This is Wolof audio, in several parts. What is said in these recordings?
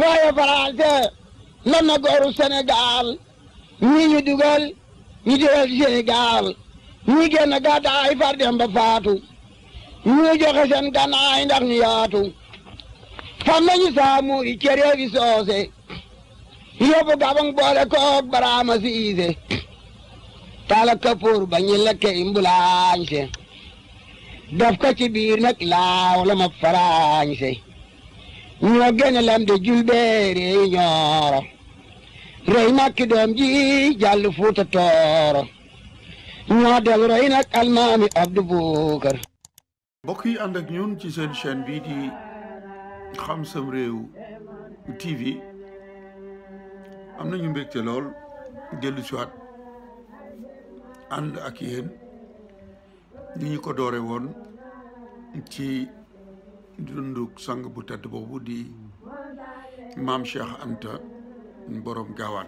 waaye Faranse man na gooru Sénégal ñii ñu dugal ñu dugal Sénégal ñii génn gàddaay far dem faatu ñii joxe seen gànnaay ndax ñu yaatu fam nañu saamu i cere bi soose yóbbu gabang boole koog baraama siise tala kapoor ba ñi lekke imbulaañse daf ko ci biir nag laaw la ma faraañse ñoo gën a lam de julbeeri ñooro rey makki doom ji jàll fuuta ñoo del rey nag almaami Abdu Buukar mbokk yi ànd ak ñun ci seen chaîne bii di xam sam réew TV am nañu mbégte lool dellu siwaat ànd ak yéen ni ñu ko doore woon ci dunduk sang bu tedd boobu di maam Cheikh Anta borom gaawaan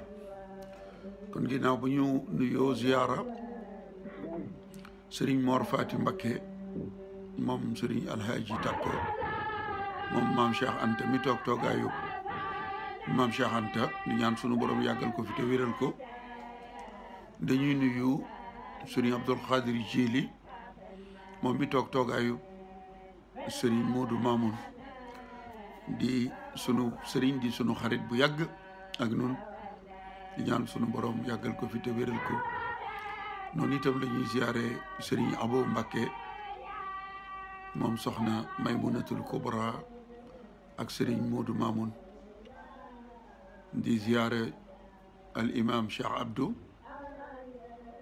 kon ginnaaw bu ñu nuyoo ziyaara sëriñ Mor Fati Mbakke moom sëriñ Alhaji Takko moom maam Cheikh Anta mi toog toogaayu maam Cheikh Anta di ñaan sunu borom yàggal ko fi te wéral ko dañuy nuyu sëriñ Abdul Qadir Jili moom mi toog sëriñ Modou Mamoun di sunu sëriñ di sunu xarit bu yàgg ak nun ñaan sunu borom yàggal ko fi te wéral ko noonu itam la ñuy ziare sëriñ Abo Mbakke moom soxna Maymunatul Kubra ak sëriñ Modou Mamoun di ziare al imam Cheikh Abdou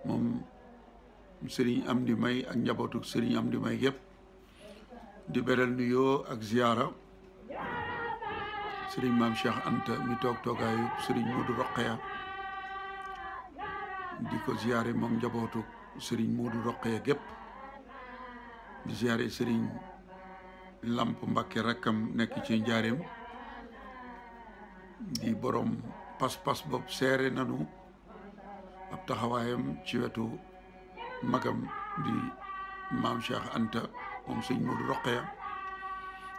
moom sëriñ Amdi May ak njabootu sëriñ Amdi May yëpp. di beral nuyo ak ziyara sering maam cheikh anta mi tok toogaayu serigne modou roqeya di ko ziyare mom njabootu serigne modou roqeya gep di ziyare serigne lamp mbakke rakam nek ci ndiarem di borom pas-pas bob sere nanu ab taxawayam ci wetu magam di maam cheikh anta moom sëñ Modou Roqeya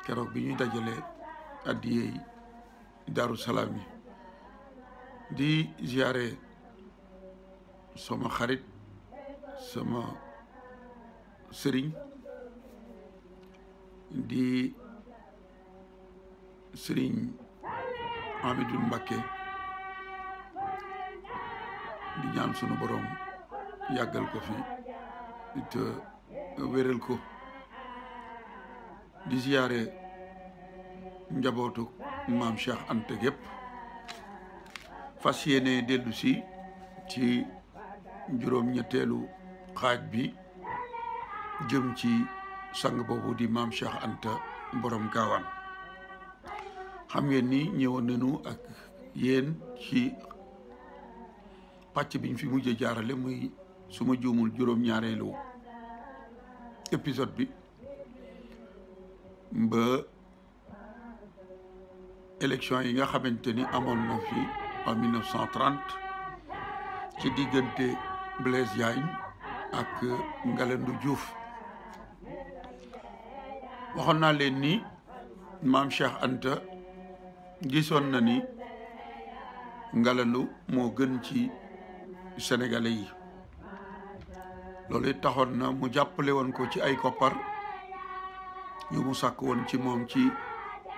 keroog bi ñuy dajalee addiyey Daaru Salaam yi di ziare sama xarit sama sëriñ di sëriñ Amidou Mbacké di ñaan sunu borom yàggal ko fi te wéral ko di ziaré njabootu maam Cheikh ante gep fasiyene delu ci si ci juróom ñettelu xaj bi jëm ci sang bobu di maam Cheikh ante borom gawan xam ngeen ni ñewon nañu ak yeen ci patch biñ fi mujjé jaarale muy suma joomul juróom ñaarelu épisode bi ba élection yi nga xamante ni amoon na fi en ci diggante Blaise Diagne ak Ngalandou juuf waxoon na leen ni maam Cheikh Anta gisoon na ni Ngalandou moo gën ci sénégalais yi loolu taxoon na mu jàppalewoon ko ci ay koppar. ñu mu sàkk woon ci moom ci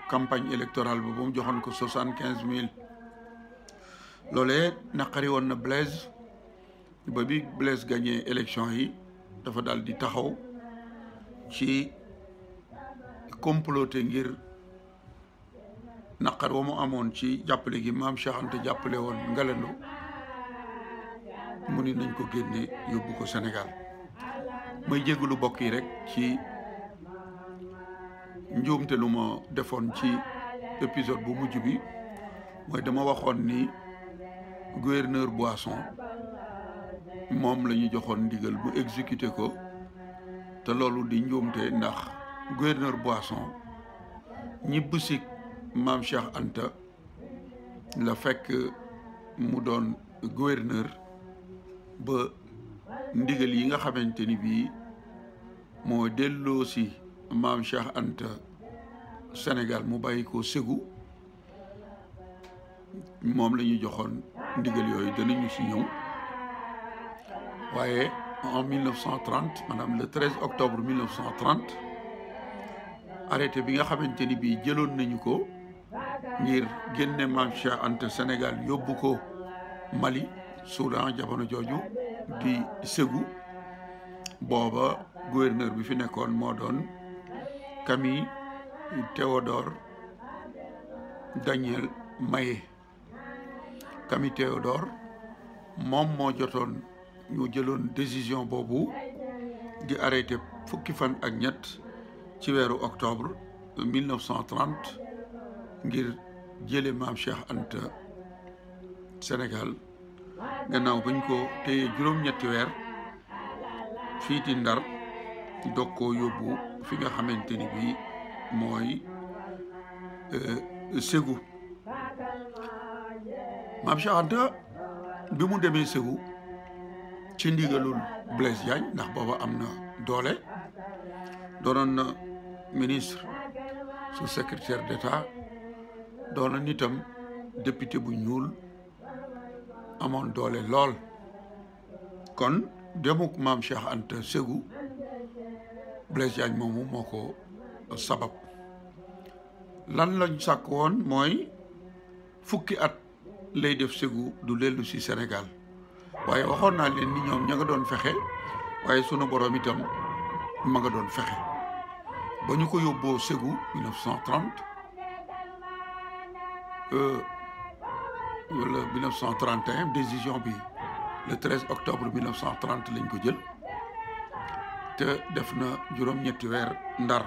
campagne électorale bi ba mu joxoon ko soixante quinze mille loolee naqari woon na Blaise ba bi Blaise gagné élection yi dafa dal di taxaw ci comploté ngir naqar wa mu amoon ci jàppale gi maam Cheikh jàppale woon Ngalandu mu ni nañ ko génne yóbbu ko Sénégal may jégalu bokk yi rek ci njuumte lu ma defoon ci épisode bu mujj bi mooy dama waxoon ni gouverneur Boisson moom la ñu joxoon ndigal mu exécuté ko te loolu di njuumte ndax gouverneur Boisson ñibb si maam Cheikh Anta la fekk mu doon gouverneur ba ndigal yi nga xamante ni bii moo delloosi maam Cheikh Anta Sénégal mu bàyyi ko Ségou moom la ñu joxoon ndigal yooyu danañu si ñëw waaye en 1930 maanaam le 13 octobre 1930 arrêté bi nga xamante ni bii jëloon nañu ko ngir génne maam Cheikh Anta Sénégal yóbbu ko Mali Soudan jamono jooju di ségu booba gouverneur bi fi nekkoon moo doon. Camille Théodore Daniel Maé Camille Théodore moom moo jotoon ñu jëloon décision boobu di arrêté fukki fan ak ñett ci weeru octobre 1930 ngir jële maam Cheikh Anta Sénégal gannaaw bañ ko téye juróom-ñetti weer fii di Ndar dog koo yóbbu fi nga xamante ni bii mooy euh, Ségou maam Cheikh Anta bi mu demee Ségou ci ndigalul Blaise Diagne ndax booba am na doole doonoon na ministre su secrétaire d'État doon na nitam député bu ñuul amoon doole lool kon demuk maam Cheikh Anta Ségou Blaise Diagne moomu moo ko sabab lan lañ sàkk woon mooy fukki at lay def Ségou du lellu si senegal waaye waxoon naa leen ni ñoom ña nga doon fexe waaye sunu borom itam ma nga doon fexe ba ñu ko yóbboo Ségou 1930 wala 1931 décision bi le 13 octobre 1930 lañ ko jël. te def na juróom-ñetti weer ndar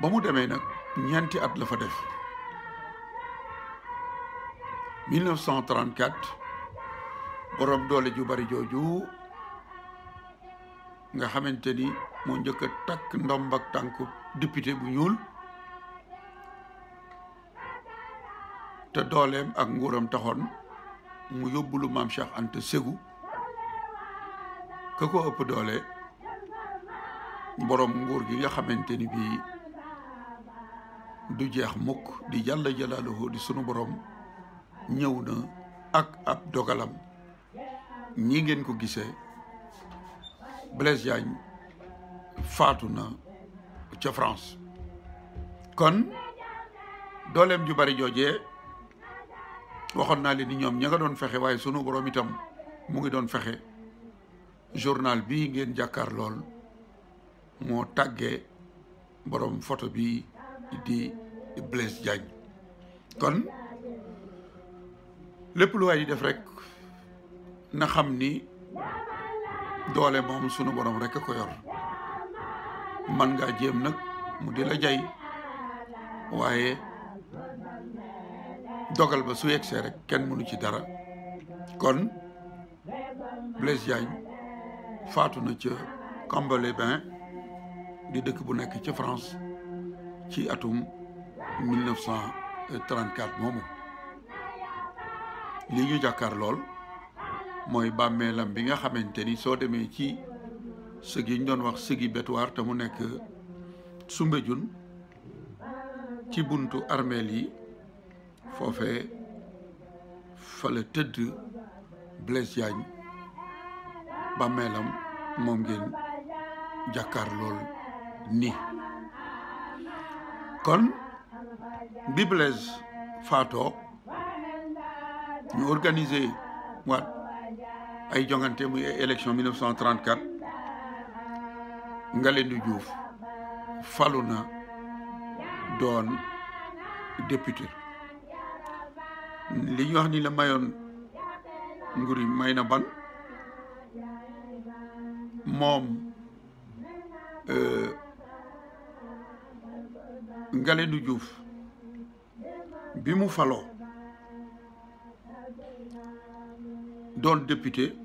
ba mu demee nag ñeenti at la fa def 1934 borom doole ju bari jooju nga xamante ni moo njëkk a takk ndomb ak tànku député bu ñuul te dooleem ak nguuram taxoon mu yóbbulu maam Cheikh ante Segu ka ko ëpp doole boroom nguur gi nga xamante ni bii du jeex mukk di jàlla jalaaluhu di sunu borom ñëw na ak ab dogalam ñi ngeen ko gisee Blaise Diagne faatu na ca France kon dooleem ju bari joojee waxoon naa leen ni ñoom ña nga doon fexe waaye sunu borom itam mu ngi doon fexe journal bi ngeen jàkkaar lool moo tàggee boroom photo bi di Blaise Diagne kon lépp lu waay di def rek na xam ni doole moom sunu borom rek a ko yor man ngaa jéem nag mu di la jay waaye dogal ba su yegsee rek kenn mënu ci dara kon Blaise Diagne faatu na ca Cambérène di dëkk bu nekk ca France ci atum 1934 moomu li ñu jàkkaar lool mooy bàmmeelam bi nga xamante ni soo demee ci sëg yiñ doon wax sëgi bétuwaar te mu nekk Soumbédioune ci buntu armeel yi foofee fa tëdd Blaise bàmmeelam moom ngeen jàkkaar ni kon bi Blaise faatoo ñu organisé waat ay jongante muy élection 1934 Ngalandou Diouf falu na doon député li wax ni la mayoon nguur may na ban Mom euh, Ngalandou Diouf Bimufalo, mu député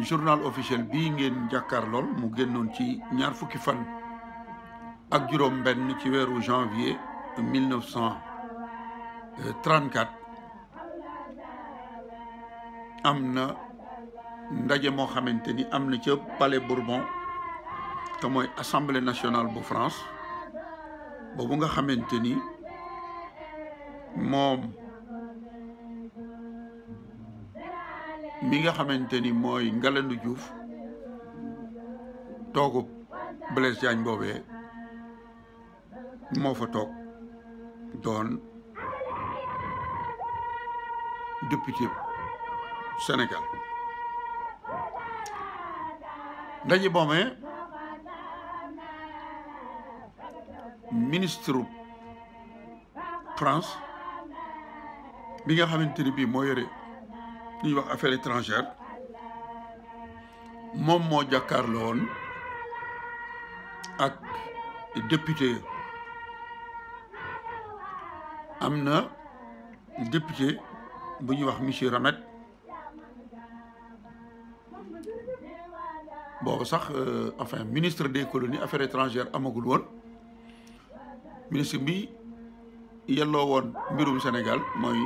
journal officiel bingé ngeen jàkkaar lool mu génnoon ci ñaar fukki fan janvier 1934 am na ndaje moo xamante ni am na ca palais Bourbon te mooy assemblée nationale bu France boobu nga xamante ni moom mi nga xamante ni mooy Ngalandou juuf toogu Blaise Diagne boobee moo fa toog doon député Sénégal ndaje boomee ministre France bi nga xamante ni bii wax affaires étrangères moom moo jàkkaarloo woon ak député Amna, député bu ñuy wax monsieur Ramet boobu sax euh, enfin ministre des colonies affaires étrangères amagul woon ministre bi yelloo woon mbirum Sénégal mooy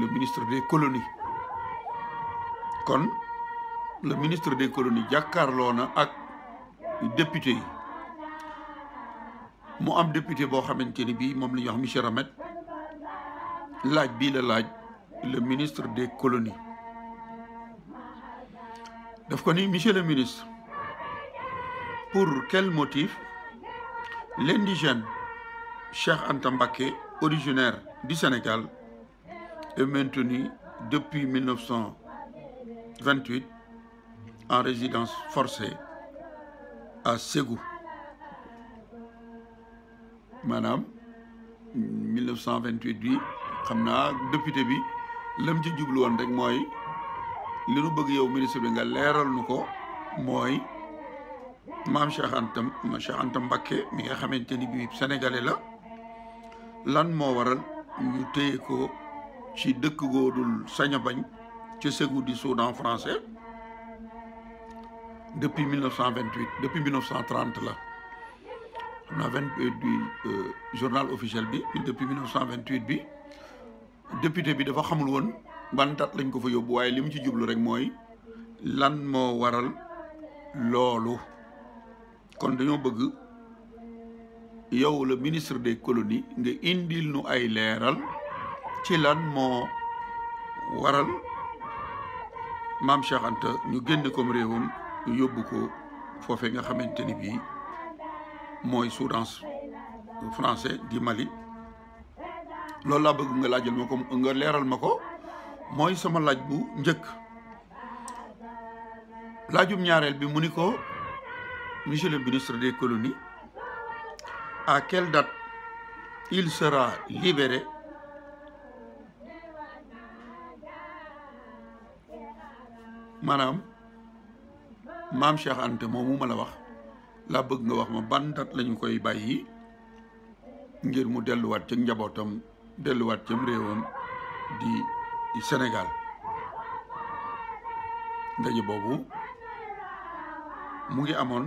le ministre des colonies kon le ministre des colonies jàkkaarloo na ak député yi mu am député boo xamante ni bii moom la ñuy wax monsieur laaj bii la laaj le ministre des colonies daf ko ni monsieur le ministre Pour quel motif l'indigène Cheikh Anta originaire du Sénégal, est maintenu depuis 1928 en résidence forcée à Ségou. Madame 1928 depuis le début, le bi lam ci ministre de nga maam Cheikh ma Cheikh Anta Mbacké mi nga xamanteni bi sénégalais la lan mo waral ñu téye ko ci dëkk goodul saña bañ ci segu di Soudan français depuis 1928 depuis 1930 la on a 28 du euh, journal officiel bi depuis 1928 bi député bi dafa xamul won ban date lañ ko fa yobbu waaye li ci jublu rek moy lan mo waral loolu. kon dañoo bëgg yow ministre des colonies nga indi nu ay leeral ci lan moo waral maam Cheikh ñu génn comme réewam ñu yóbbu ko foofe nga xamante ni bii mooy Soudan français di Mali loolu laa bëgg nga laajal ma ko nga leeral ma ko mooy sama laaj bu njëkk laajum ñaareel bi mu ni ko monsieur le ministre des colonies, à quelle date il sera libéré madame, mam Cheikh Anta moomu ma la wax laa bëgg nga wax ma ban ngir mu delluwaat ci njabootam delluwaat cam di Senegal, ndaje boobu mu ngi amoon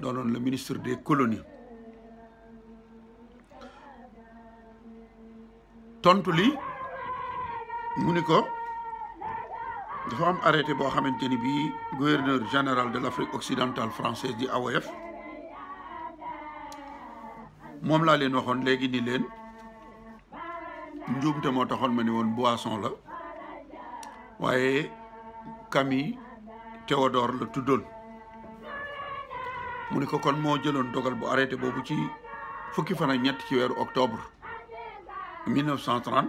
...dans le ministre des colonies tontu li mu ni dafa am arrêté bo xamanteni bi gouverneur général de l'Afrique occidentale française di AOF mom la len waxone léegi ni len njuumte moo boisson la waaye Camille Théodore le tuddoon mu ne ko kon moo jëloon dogal bu arrêté boobu ci fukki fan ak ñett ci weeru octobre 1930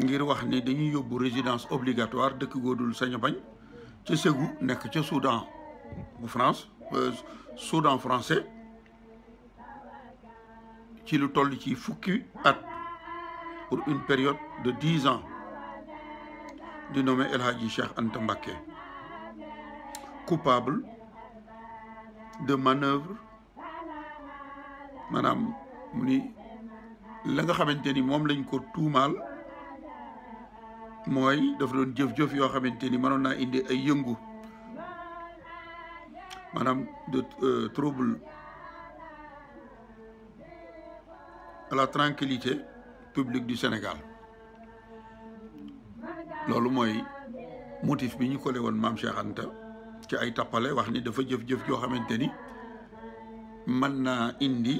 ngir wax ni dañuy yóbbu résidence obligatoire dëkk góodul sañ bañ ca Ségou nekk ca Soudan bu France euh, Soudan français ci lu toll ci fukki at pour une période de 10 ans di nommé El Hadji Cheikh Anta Mbacké coupable de manœuvre maanaam mu ni la nga xamante ni moom lañ ko tuumaal mooy dafa doon jëf-jëf yoo xamante ni mënoon naa indi ay yëngu maanaam de euh, trouble à la tranquillité publique du Sénégal loolu mooy motif bi ñu collé woon maam Cheikh Anta ci ay tappale wax ni dafa jëf-jëf joo xamante ni man naa indi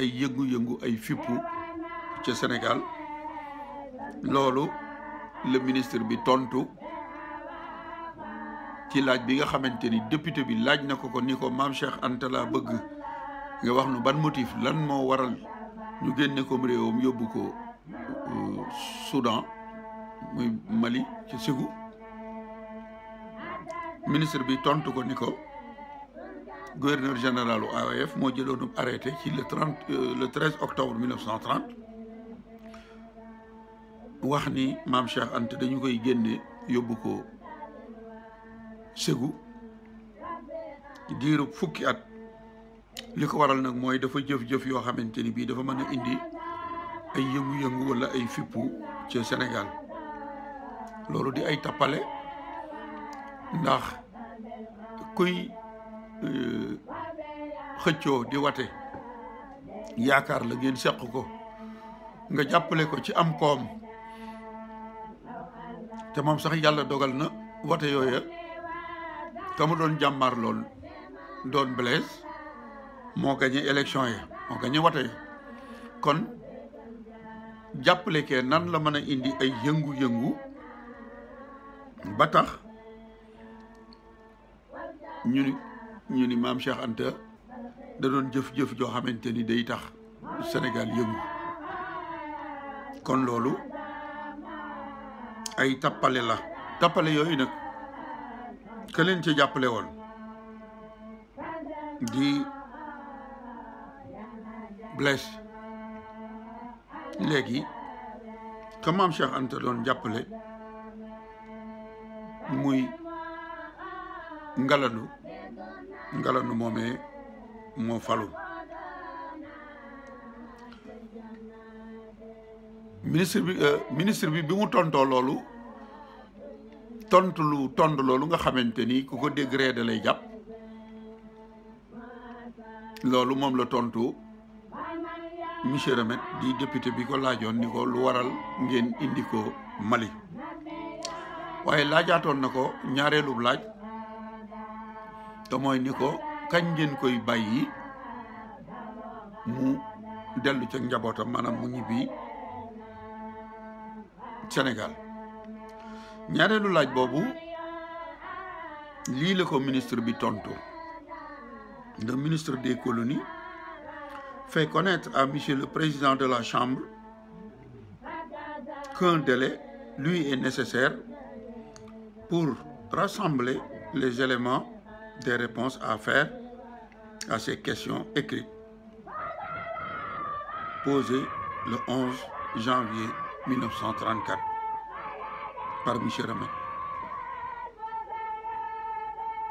ay yëngu-yëngu ay fippu ca Sénégal loolu le ministre bi tontu ci laaj bi nga xamante ni député bi laaj na ko ko ni ko maam Cheikh Anta laa bëgg nga wax nu ban motif lan moo waral ñu génne ko réewam yóbbu ko euh, Soudan muy Mali ci Ségou ministre bi tontu ko niko gouverneur général u AOF moo jëloon arrêté ci le 30 euh, le 13 octobre 1930 wax ni mam Cheikh Anta dañu koy génne yóbbu ko Ségou diiru fukki at liko waral nak moy dafa jëf-jëf yo xamanteni bi dafa mëna indi ay yëngu-yëngu wala ay fippu ci Sénégal lolu di ay tapalé ndax kuy euh, xëccoo di wate yaakaar la ngeen seq ko nga jàppale ko ci am koom te moom sax yàlla dogal na wate yooya ka mu doon jàmmaar lool doon Blaise moo gañe élection yi moo gañe wate yi kon jàppale ke nan la mën a indi ay yëngu-yëngu ba tax ñu ni maam Cheikh Anta da doon jëf-jëf joo xamante ni day tax Sénégal yëngu kon loolu ay tappale la tappale yooyu nag ka leen ci jàppale woon di Blaise léegi ka maam Cheikh Anta doon jàppale muy ngalandu ngalandu moomee moo falu ministre bi euh, ministre bi bi mu tontoo loolu tontu lu tontu loolu nga xamante ni ku ko dégré ree lay jàpp loolu moom la tontu monsieur Remet di député bi ko laajoon ni ko lu waral ngeen indi ko Mali waaye laajaatoon na ko ñaareelub laaj te mooy ni ko kañ ngeen koy bàyyi mu delu ci njabootam manam mu ñibi Sénégal ñaarelu laaj bobu li le ko ministre bi tontu le ministre des colonies fait connaître à monsieur le président de la chambre qu'un délai lui est nécessaire pour rassembler les éléments des réponses à faire à ces questions écrites posées le 11 janvier 1934 par M. Raman.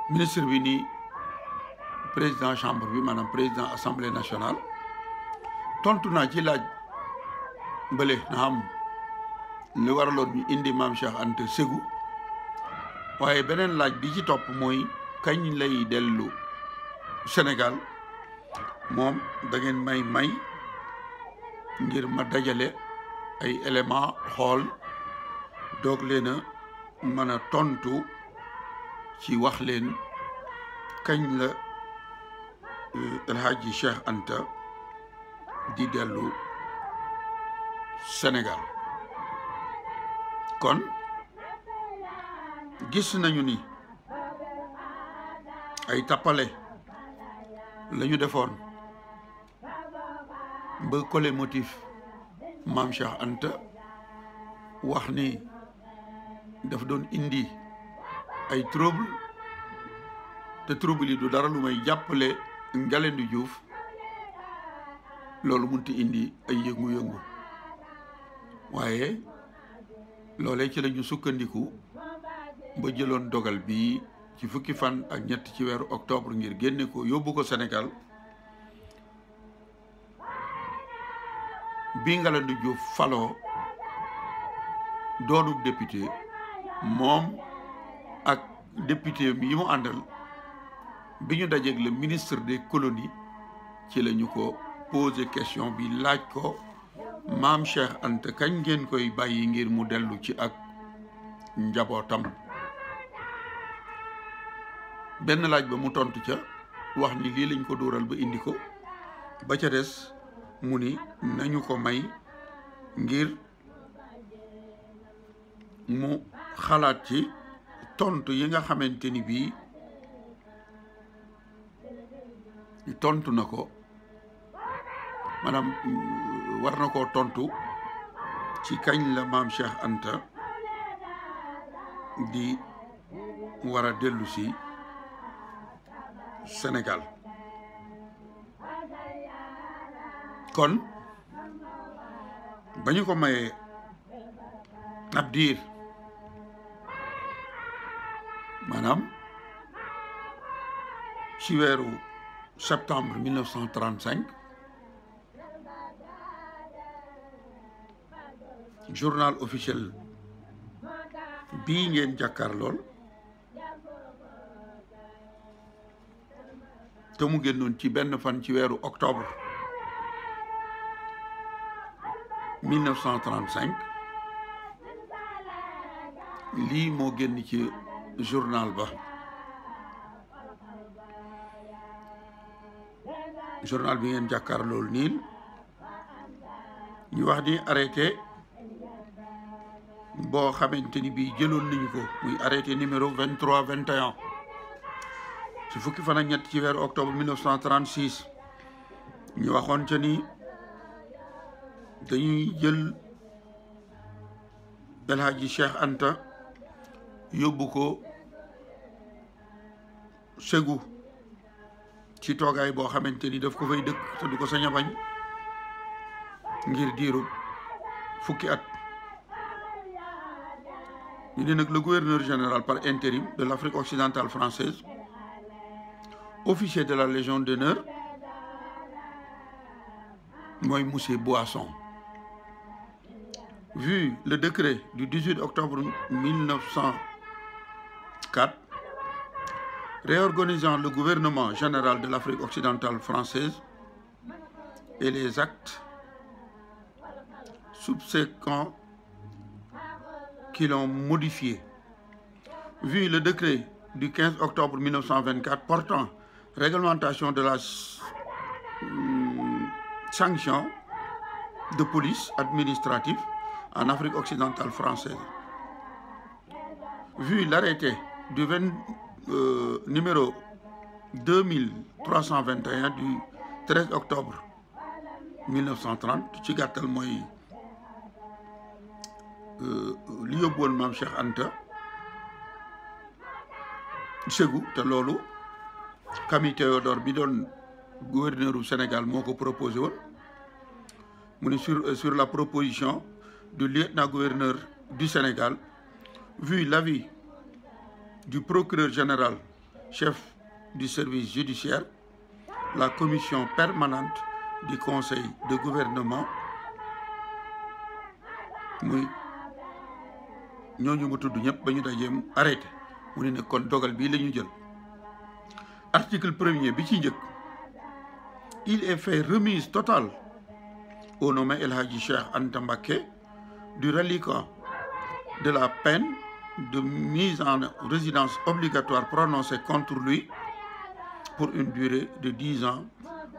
ministre Vini, président chambre la Chambre, président l'Assemblée nationale tontu ci na indi mam Cheikh Anta kañ lay dellu Sénégal moom da ngeen may may ngir ma dajale ay élément xool doog leen a mën a tontu ci wax leen kañ la euh, El Hadji Cheikh Anta di dellu Sénégal kon gis nañu ni ay tapalé lañu defoon ba collé motif mam cheikh anta wax ni daf doon indi ay trouble te trouble yi du dara lu may jàppale ngalendu diouf loolu munti indi ay yengu yëngu waaye loolee ci lañu sukkandiku ba jëloon dogal bii ci fukki fan ak ñett ci weeru octobre ngir génne ko yóbbu ko Sénégal bi Ngalandou Diouf falo doonub député moom ak député yi mu àndal bi ñu dajeeg le ministre de colonies ci lañu ko posé question bi laaj ko maam Cheikh Anta kañ ngeen koy bàyyi ngir mu dellu ci ak njabootam benn laaj ba mu tontu ca wax ni lii lañ ko dóoral ba indi ko ba ca des mu ni nañu ko may ngir mu xalaat ci tontu yi nga xamante ni bii tontu na ko maanaam euh, war na koo tontu ci kañ la maam Cheikh Anta di war a Sénégal kon bañu ko maye ab diir maanaam ci weeru septembre 1935 journal officiel bi ngeen jàkkaar lool te mu génnoon ci benn fan ci weeru octobre 1935 lii moo génn ci journal ba journal bi ngeen jàkkaar loolu niin ñu wax ni arrêté boo xamante ni bii jëloon nañu ko muy arrêté numéro 23 21 su fukki fana ak ñett ci weeru octobre 1936 ñu waxoon ca ni dañuy jël El Hadji Cheikh Anta yóbbu ko Ségou ci toogaay boo xamante ni daf ko fay dëkk du ko sañ a bañ ngir diiru fukki at ñu ne nag le gouverneur général par intérim de l'Afrique occidentale française officier de la Légion d'honneur moi, Boisson vu le décret du 18 octobre 1904 réorganisant le gouvernement général de l'Afrique occidentale française et les actes subséquents qui l'ont modifié. Vu le décret du 15 octobre 1924 portant réglementation de la hmm, sanction de police administrative en Afrique occidentale française. Vu l'arrêté du 20, euh, numéro 2321 du 13 octobre 1930 ci gàttal mooy euh, li Anta Segou te Camille Théodore gouverneur du Sénégal mon proposé sur la proposition du lieutenant gouverneur du Sénégal vu l'avis du procureur général chef du service judiciaire la commission permanente du conseil de gouvernement nous avons arrêté Nous ne kon article 1er, il est fait remise totale au nommé El Hadji Cheikh du reliquat de la peine de mise en résidence obligatoire prononcée contre lui pour une durée de 10 ans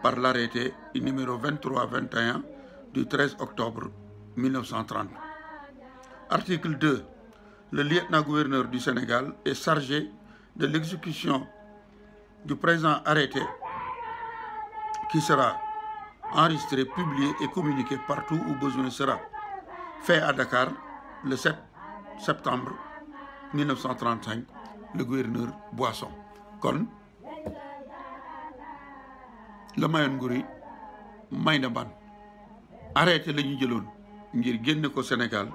par l'arrêté numéro 23-21 du 13 octobre 1930. Article 2. Le lieutenant-gouverneur du Sénégal est chargé de l'exécution du présent arrêté qui sera enregistré, publié et communiqué partout où besoin sera. Fait à Dakar le 7 septembre 1935, le gouverneur Boisson. Kon, le mayon Ngouri, Maynaban, arrêté le Nidjeloun, ngir Sénégal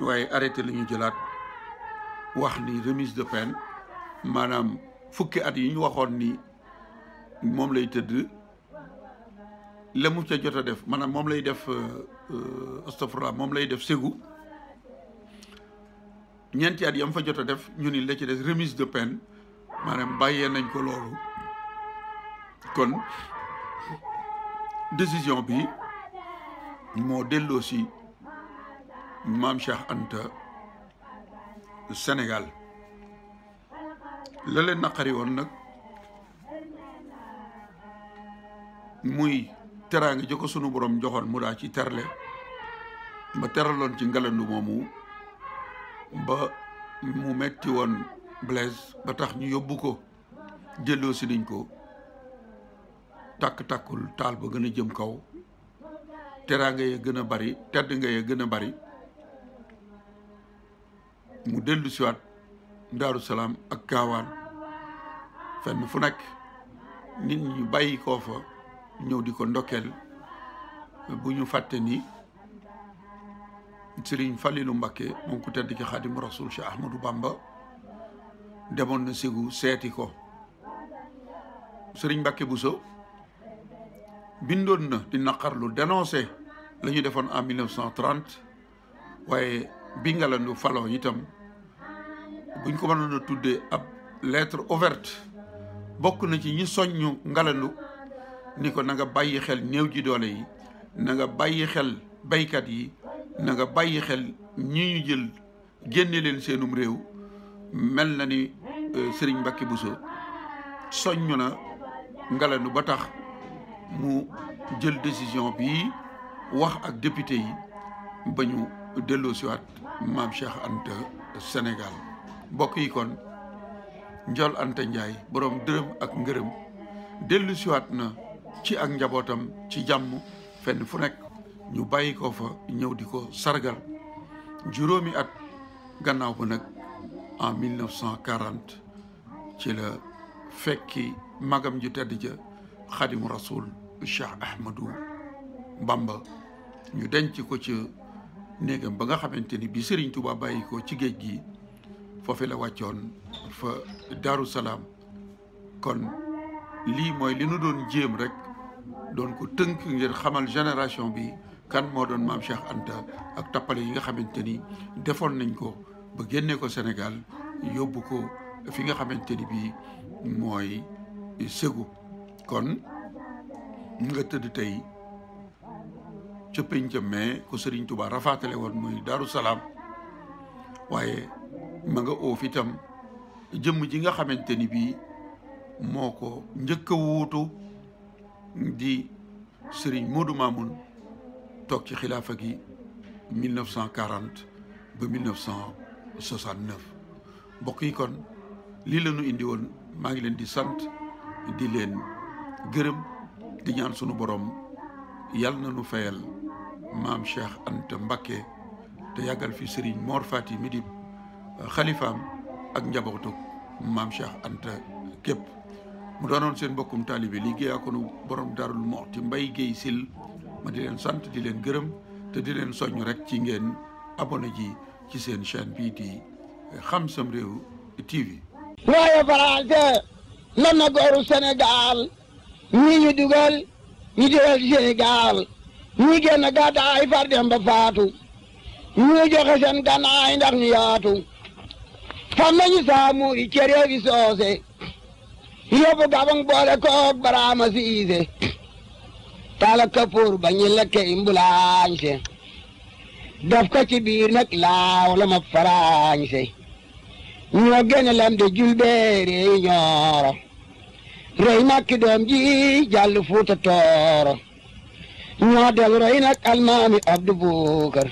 waaye arrêté wax remise de peine maanaam fukki at yi ñu waxoon ni moom lay tëdd la mu ca jot a def maanaam moom lay def euh, astafurlah moom lay def ségu ñeenti at yam fa jot a def ñu ni la ci des remise de peine maanaam bàyyee nañ ko loolu kon décision bi moo delloo si maam Cheikh Anta Sénégal la naqari woon nag muy teraange ji sunu borom joxoon mu daa ci terle ba teraloon ci ngalandu moomu ba mu metti woon Blaise ba tax ñu yóbbu ko jëlloo si niñ ko takk-takkul taal ba gën a jëm kaw teraanga ya gën a bari tedd nga ya gën a bari mu dellu siwaat daaru ak gaawaan fenn fu nekk nit ñu bàyyi koofa fa ñëw di ko ndokkeel bu ñu fàtte ni Sëriñ Falilu Mbakke moom ku tedd ki Xaadimu Rasuul Cheikh Ahmadou Bamba demoon na Ségu seeti ko Sëriñ Mbakke Bousso bindoon na di naqarlu dénoncé la ñu defoon en 1930 waaye bi nga la nu faloo itam buñ ko mënoon a tuddee ab lettre ouverte bokk na ci ñi soññu ngalandu ni ko nanga bàyyi xel néew ji doole yi na bàyyi xel baykat yi nanga bàyyi xel ñi ñu jël génne leen seenum réew mel na ni euh, Serigne Mbacké Bousso soññu na ngalandu ba tax mu jël décision bi wax ak député yi ba ñu delloo siwaat maam Cheikh Anta Sénégal mbokk yi kon Ndiol Anta Ndiaye borom dërëm ak ngërëm dellu siwaat na ci ak njabootam ci jàmm fenn fu nekk ñu bàyyi ko fa ñëw di ko sargal juróomi at gannaaw ba nag en 1940 ci la fekki magam ju tedd ja xadimu rasul Cheikh Ahmadou Bamba ñu denc ko ci néegam ba nga xamante ni bi Serigne tubaa bàyyi ko ci géej gi foofu la wàccoon fa Daaru Salaam kon lii mooy li nu doon jéem rek doon ko tënk ngir xamal génération bi kan moo doon maam Cheikh Anta ak tappale yi nga xamante ni defoon nañ ko ba génne ko Sénégal yóbbu ko fi nga xamante ni bii mooy sëgu kon nga tëdd tey ca pénc mais ko Sëriñ Tuubaa rafaatale woon muy Daaru Salaam waaye ma nga oof itam jëmm ji nga xamante ni bii moo ko njëkk a wuutu di Serigne Modou Mamoun toog ci xilaafa gi 1940 ba 1969 mbokk yi kon lii la ñu indi woon maa ngi leen di sant di leen gërëm di ñaan sunu borom yàlla na nu fayal maam Cheikh Anta Mbakke te yàggal fi Serigne Mor Fati Midib xalifaam ak njabootu maam Cheikh Anta képp mu doonoon seen mbokkum taalibe liggéeyaa ko nu borom darul moxti mbay géey sil ma di leen sant di leen gërëm te di leen soññ rek ci ngeen abonné ci seen chaîne bii di Xam Sam Réew TV waaye français man na Sénégal ñi ñu dugal ñu dugal Sénégal ñi génn gàddaay far dem ba faatu ñu joxe seen gànnaay ndax ñu yaatu xammeñu saamu i cereefi soose yóbbu gabang boole koog baraama siise tala ba ñi lekke imbulaañse daf ko ci biir ma faraañse ñoo gene lam de julbeere ñooro rey makki doom ji jàll fuuta tooro ñoo del roy nag almaami abdu buukar